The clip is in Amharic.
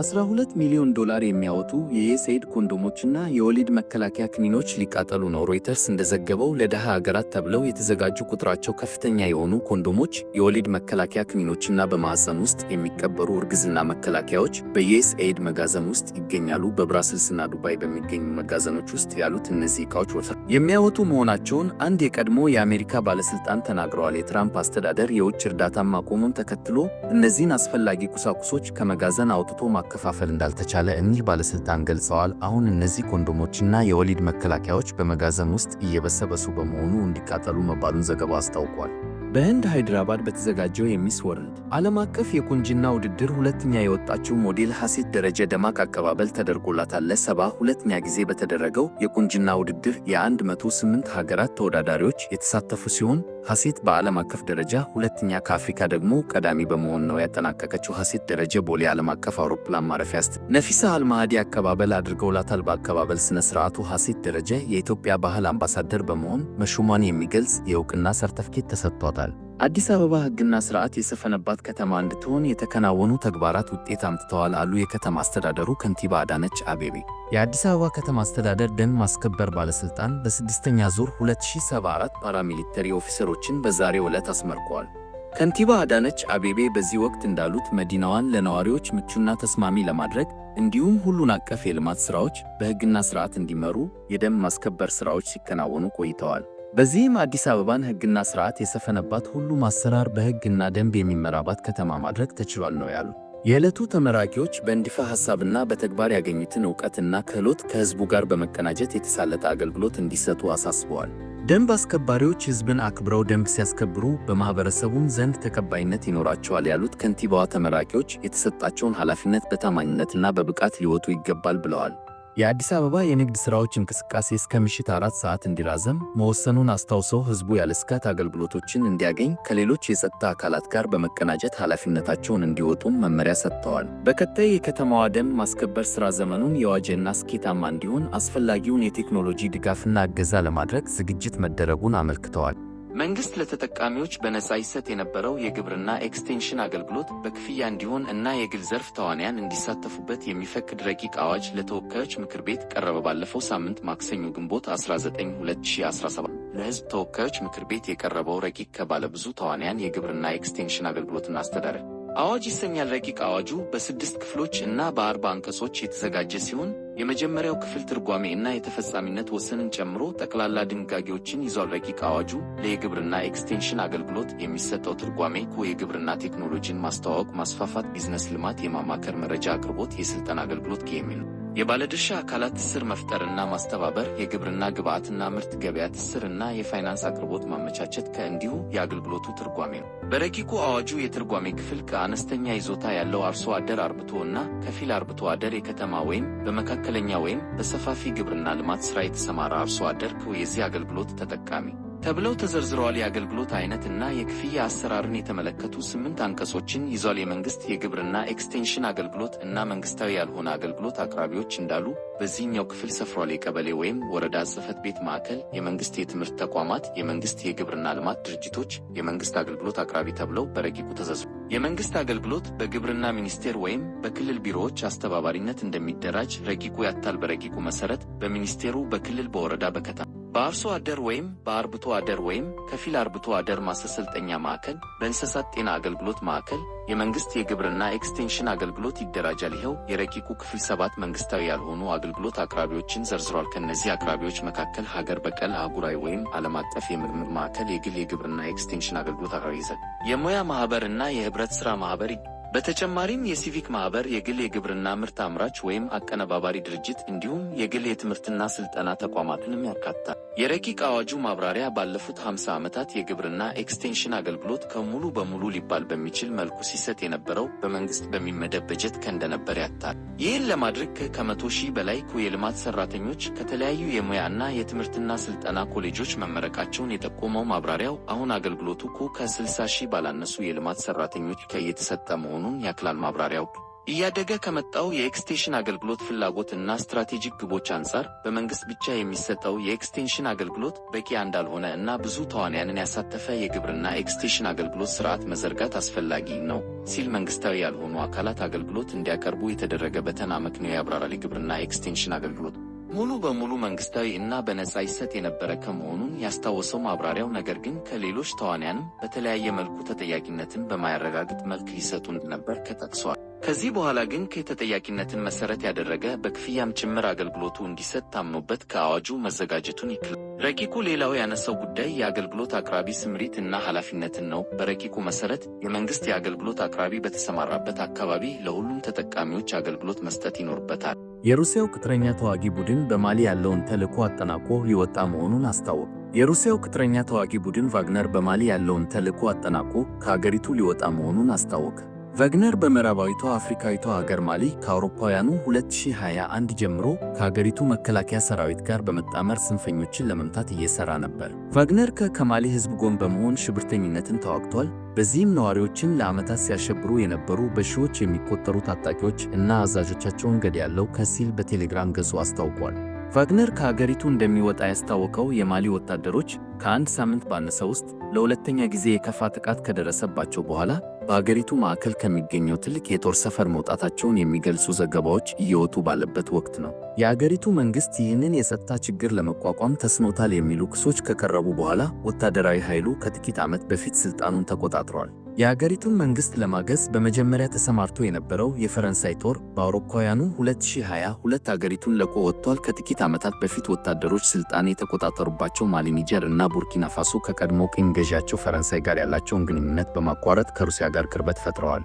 12 ሚሊዮን ዶላር የሚያወጡ የዩኤስኤይድ ኮንዶሞችና የወሊድ መከላከያ ክኒኖች ሊቃጠሉ ነው። ሮይተርስ እንደዘገበው ለደሃ አገራት ተብለው የተዘጋጁ ቁጥራቸው ከፍተኛ የሆኑ ኮንዶሞች፣ የወሊድ መከላከያ ክኒኖችና በማዕፀን ውስጥ የሚቀበሩ እርግዝና መከላከያዎች በዩኤስኤድ መጋዘን ውስጥ ይገኛሉ። በብራስልስና ዱባይ በሚገኙ መጋዘኖች ውስጥ ያሉት እነዚህ እቃዎች ወሰ የሚያወጡ መሆናቸውን አንድ የቀድሞ የአሜሪካ ባለስልጣን ተናግረዋል። የትራምፕ አስተዳደር የውጭ እርዳታ ማቆሙን ተከትሎ እነዚህን አስፈላጊ ቁሳቁሶች ከመጋዘን አውጥቶ ማከፋፈል እንዳልተቻለ እኒህ ባለስልጣን ገልጸዋል። አሁን እነዚህ ኮንዶሞችና የወሊድ መከላከያዎች በመጋዘን ውስጥ እየበሰበሱ በመሆኑ እንዲቃጠሉ መባሉን ዘገባው አስታውቋል። በህንድ ሃይድራባድ በተዘጋጀው የሚስ ወርልድ ዓለም አቀፍ የቁንጅና ውድድር ሁለተኛ የወጣችው ሞዴል ሐሴት ደረጀ ደማቅ አቀባበል ተደርጎላታል። ለሰባ ሁለተኛ ጊዜ በተደረገው የቁንጅና ውድድር የ108 ሀገራት ተወዳዳሪዎች የተሳተፉ ሲሆን ሀሴት በዓለም አቀፍ ደረጃ ሁለተኛ ከአፍሪካ ደግሞ ቀዳሚ በመሆን ነው ያጠናቀቀችው። ሀሴት ደረጀ ቦሌ ዓለም አቀፍ አውሮፕላን ማረፊያ ስት ነፊሳ አልማህዲ አቀባበል አድርገውላታል። በአቀባበል ስነ ስርዓቱ ሀሴት ደረጀ የኢትዮጵያ ባህል አምባሳደር በመሆን መሾሟን የሚገልጽ የእውቅና ሰርተፍኬት ተሰጥቷታል። አድርጓታል። አዲስ አበባ ሕግና ስርዓት የሰፈነባት ከተማ እንድትሆን የተከናወኑ ተግባራት ውጤት አምጥተዋል አሉ የከተማ አስተዳደሩ ከንቲባ አዳነች አቤቤ። የአዲስ አበባ ከተማ አስተዳደር ደን ማስከበር ባለሥልጣን በስድስተኛ ዙር 2074 ፓራሚሊተሪ ኦፊሰሮችን በዛሬው ዕለት አስመርቋል። ከንቲባ አዳነች አቤቤ በዚህ ወቅት እንዳሉት መዲናዋን ለነዋሪዎች ምቹና ተስማሚ ለማድረግ እንዲሁም ሁሉን አቀፍ የልማት ሥራዎች በሕግና ስርዓት እንዲመሩ የደም ማስከበር ሥራዎች ሲከናወኑ ቆይተዋል። በዚህም አዲስ አበባን ሕግና ስርዓት የሰፈነባት ሁሉም አሰራር በህግና ደንብ የሚመራባት ከተማ ማድረግ ተችሏል ነው ያሉ። የዕለቱ ተመራቂዎች በንድፈ ሐሳብና በተግባር ያገኙትን እውቀትና ክህሎት ከሕዝቡ ጋር በመቀናጀት የተሳለጠ አገልግሎት እንዲሰጡ አሳስበዋል። ደንብ አስከባሪዎች ሕዝብን አክብረው ደንብ ሲያስከብሩ በማኅበረሰቡም ዘንድ ተቀባይነት ይኖራቸዋል ያሉት ከንቲባዋ ተመራቂዎች የተሰጣቸውን ኃላፊነት በታማኝነትና በብቃት ሊወጡ ይገባል ብለዋል። የአዲስ አበባ የንግድ ሥራዎች እንቅስቃሴ እስከ ምሽት አራት ሰዓት እንዲራዘም መወሰኑን አስታውሰው ሕዝቡ ያለ ስጋት አገልግሎቶችን እንዲያገኝ ከሌሎች የጸጥታ አካላት ጋር በመቀናጀት ኃላፊነታቸውን እንዲወጡም መመሪያ ሰጥተዋል። በቀጣይ የከተማዋ ደንብ ማስከበር ሥራ ዘመኑን የዋጀና ስኬታማ እንዲሆን አስፈላጊውን የቴክኖሎጂ ድጋፍና እገዛ ለማድረግ ዝግጅት መደረጉን አመልክተዋል። መንግስት ለተጠቃሚዎች በነጻ ይሰጥ የነበረው የግብርና ኤክስቴንሽን አገልግሎት በክፍያ እንዲሆን እና የግል ዘርፍ ተዋንያን እንዲሳተፉበት የሚፈቅድ ረቂቅ አዋጅ ለተወካዮች ምክር ቤት ቀረበ። ባለፈው ሳምንት ማክሰኞ ግንቦት 19 2017 ተወካዮች ምክር ቤት የቀረበው ረቂቅ ከባለብዙ ተዋንያን የግብርና ኤክስቴንሽን አገልግሎትና አስተዳደር አዋጅ ይሰኛል። ረቂቅ አዋጁ በስድስት ክፍሎች እና በአርባ አንቀጾች የተዘጋጀ ሲሆን የመጀመሪያው ክፍል ትርጓሜ እና የተፈጻሚነት ወሰንን ጨምሮ ጠቅላላ ድንጋጌዎችን ይዟል። ረቂቅ አዋጁ ለየግብርና ኤክስቴንሽን አገልግሎት የሚሰጠው ትርጓሜ ኮ የግብርና ቴክኖሎጂን ማስተዋወቅ፣ ማስፋፋት፣ ቢዝነስ ልማት፣ የማማከር መረጃ አቅርቦት፣ የስልጠና አገልግሎት ከሚል ነው። የባለድርሻ አካላት ትስር መፍጠርና ማስተባበር፣ የግብርና ግብዓትና ምርት ገበያ ትስር የፋይናንስ አቅርቦት ማመቻቸት ከእንዲሁ የአገልግሎቱ ትርጓሜ ነው። በረቂቁ አዋጁ የትርጓሜ ክፍል ከአነስተኛ ይዞታ ያለው አርሶ አደር አርብቶ እና ከፊል አርብቶ አደር የከተማ ወይም በመካከለኛ ወይም በሰፋፊ ግብርና ልማት ስራ የተሰማራ አርሶ አደር የዚህ አገልግሎት ተጠቃሚ ተብለው ተዘርዝረዋል። የአገልግሎት አይነት እና የክፍያ አሰራርን የተመለከቱ ስምንት አንቀጾችን ይዟል። የመንግስት የግብርና ኤክስቴንሽን አገልግሎት እና መንግስታዊ ያልሆነ አገልግሎት አቅራቢዎች እንዳሉ በዚህኛው ክፍል ሰፍሯል። የቀበሌ ወይም ወረዳ ጽህፈት ቤት ማዕከል፣ የመንግስት የትምህርት ተቋማት፣ የመንግስት የግብርና ልማት ድርጅቶች፣ የመንግስት አገልግሎት አቅራቢ ተብለው በረቂቁ ተዘርዝሯል። የመንግስት አገልግሎት በግብርና ሚኒስቴር ወይም በክልል ቢሮዎች አስተባባሪነት እንደሚደራጅ ረቂቁ ያታል። በረቂቁ መሰረት በሚኒስቴሩ፣ በክልል፣ በወረዳ፣ በከተማ በአርሶ አደር ወይም በአርብቶ አደር ወይም ከፊል አርብቶ አደር ማሰልጠኛ ማዕከል፣ በእንስሳት ጤና አገልግሎት ማዕከል፣ የመንግሥት የግብርና ኤክስቴንሽን አገልግሎት ይደራጃል። ይኸው የረቂቁ ክፍል ሰባት መንግሥታዊ ያልሆኑ አገልግሎት አቅራቢዎችን ዘርዝሯል። ከእነዚህ አቅራቢዎች መካከል ሀገር በቀል አህጉራዊ ወይም ዓለም አቀፍ የምርምር ማዕከል፣ የግል የግብርና ኤክስቴንሽን አገልግሎት አቅራቢ ይዘል የሙያ ማኅበር እና የኅብረት ሥራ ማኅበር በተጨማሪም የሲቪክ ማኅበር፣ የግል የግብርና ምርት አምራች ወይም አቀነባባሪ ድርጅት እንዲሁም የግል የትምህርትና ሥልጠና ተቋማትንም ያካትታል። የረቂቅ አዋጁ ማብራሪያ ባለፉት 50 ዓመታት የግብርና ኤክስቴንሽን አገልግሎት ከሙሉ በሙሉ ሊባል በሚችል መልኩ ሲሰጥ የነበረው በመንግስት በሚመደብ በጀት ከእንደነበር ያታል። ይህን ለማድረግ ከመቶ ሺህ በላይ የልማት ሰራተኞች ከተለያዩ የሙያና የትምህርትና ስልጠና ኮሌጆች መመረቃቸውን የጠቆመው ማብራሪያው አሁን አገልግሎቱ ኩ ከ60 ሺህ ባላነሱ የልማት ሰራተኞች ከእየተሰጠ መሆኑን ያክላል ማብራሪያው እያደገ ከመጣው የኤክስቴንሽን አገልግሎት ፍላጎት እና ስትራቴጂክ ግቦች አንጻር በመንግስት ብቻ የሚሰጠው የኤክስቴንሽን አገልግሎት በቂ እንዳልሆነ እና ብዙ ተዋንያንን ያሳተፈ የግብርና ኤክስቴንሽን አገልግሎት ስርዓት መዘርጋት አስፈላጊ ነው ሲል መንግስታዊ ያልሆኑ አካላት አገልግሎት እንዲያቀርቡ የተደረገ በተና መክንዮ ያብራራል። የግብርና ኤክስቴንሽን አገልግሎት ሙሉ በሙሉ መንግስታዊ እና በነጻ ይሰጥ የነበረ ከመሆኑን ያስታወሰው ማብራሪያው ነገር ግን ከሌሎች ተዋንያንም በተለያየ መልኩ ተጠያቂነትን በማያረጋግጥ መልክ ይሰጡ ነበር ከጠቅሷል። ከዚህ በኋላ ግን ከተጠያቂነትን መሰረት ያደረገ በክፍያም ጭምር አገልግሎቱ እንዲሰጥ ታምኖበት ከአዋጁ መዘጋጀቱን ይክል ረቂቁ ሌላው ያነሳው ጉዳይ የአገልግሎት አቅራቢ ስምሪት እና ኃላፊነትን ነው። በረቂቁ መሰረት የመንግስት የአገልግሎት አቅራቢ በተሰማራበት አካባቢ ለሁሉም ተጠቃሚዎች አገልግሎት መስጠት ይኖርበታል። የሩሲያው ቅጥረኛ ተዋጊ ቡድን በማሊ ያለውን ተልዕኮ አጠናቆ ሊወጣ መሆኑን አስታወቀ። የሩሲያው ቅጥረኛ ተዋጊ ቡድን ቫግነር በማሊ ያለውን ተልዕኮ አጠናቆ ከአገሪቱ ሊወጣ መሆኑን አስታወቀ። ቫግነር በምዕራባዊቷ አፍሪካዊቷ ሀገር ማሊ ከአውሮፓውያኑ 2021 ጀምሮ ከሀገሪቱ መከላከያ ሰራዊት ጋር በመጣመር ጽንፈኞችን ለመምታት እየሰራ ነበር። ቫግነር ከከማሊ ሕዝብ ጎን በመሆን ሽብርተኝነትን ተዋግቷል። በዚህም ነዋሪዎችን ለዓመታት ሲያሸብሩ የነበሩ በሺዎች የሚቆጠሩ ታጣቂዎች እና አዛዦቻቸውን ገድያለው ከሲል በቴሌግራም ገጹ አስታውቋል። ቫግነር ከሀገሪቱ እንደሚወጣ ያስታወቀው የማሊ ወታደሮች ከአንድ ሳምንት ባነሰ ውስጥ ለሁለተኛ ጊዜ የከፋ ጥቃት ከደረሰባቸው በኋላ በአገሪቱ ማዕከል ከሚገኘው ትልቅ የጦር ሰፈር መውጣታቸውን የሚገልጹ ዘገባዎች እየወጡ ባለበት ወቅት ነው። የአገሪቱ መንግስት ይህንን የጸጥታ ችግር ለመቋቋም ተስኖታል የሚሉ ክሶች ከቀረቡ በኋላ ወታደራዊ ኃይሉ ከጥቂት ዓመት በፊት ሥልጣኑን ተቆጣጥሯል። የአገሪቱን መንግሥት ለማገዝ በመጀመሪያ ተሰማርቶ የነበረው የፈረንሳይ ጦር በአውሮፓውያኑ 2022 አገሪቱን ለቆ ወጥቷል። ከጥቂት ዓመታት በፊት ወታደሮች ሥልጣን የተቆጣጠሩባቸው ማሊ፣ ኒጀር እና ቡርኪና ፋሶ ከቀድሞ ቅኝ ገዢያቸው ፈረንሳይ ጋር ያላቸውን ግንኙነት በማቋረጥ ከሩሲያ ጋር ቅርበት ፈጥረዋል።